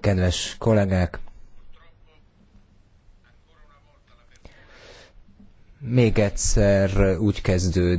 Kedves kollégák! Még egyszer úgy kezdődik,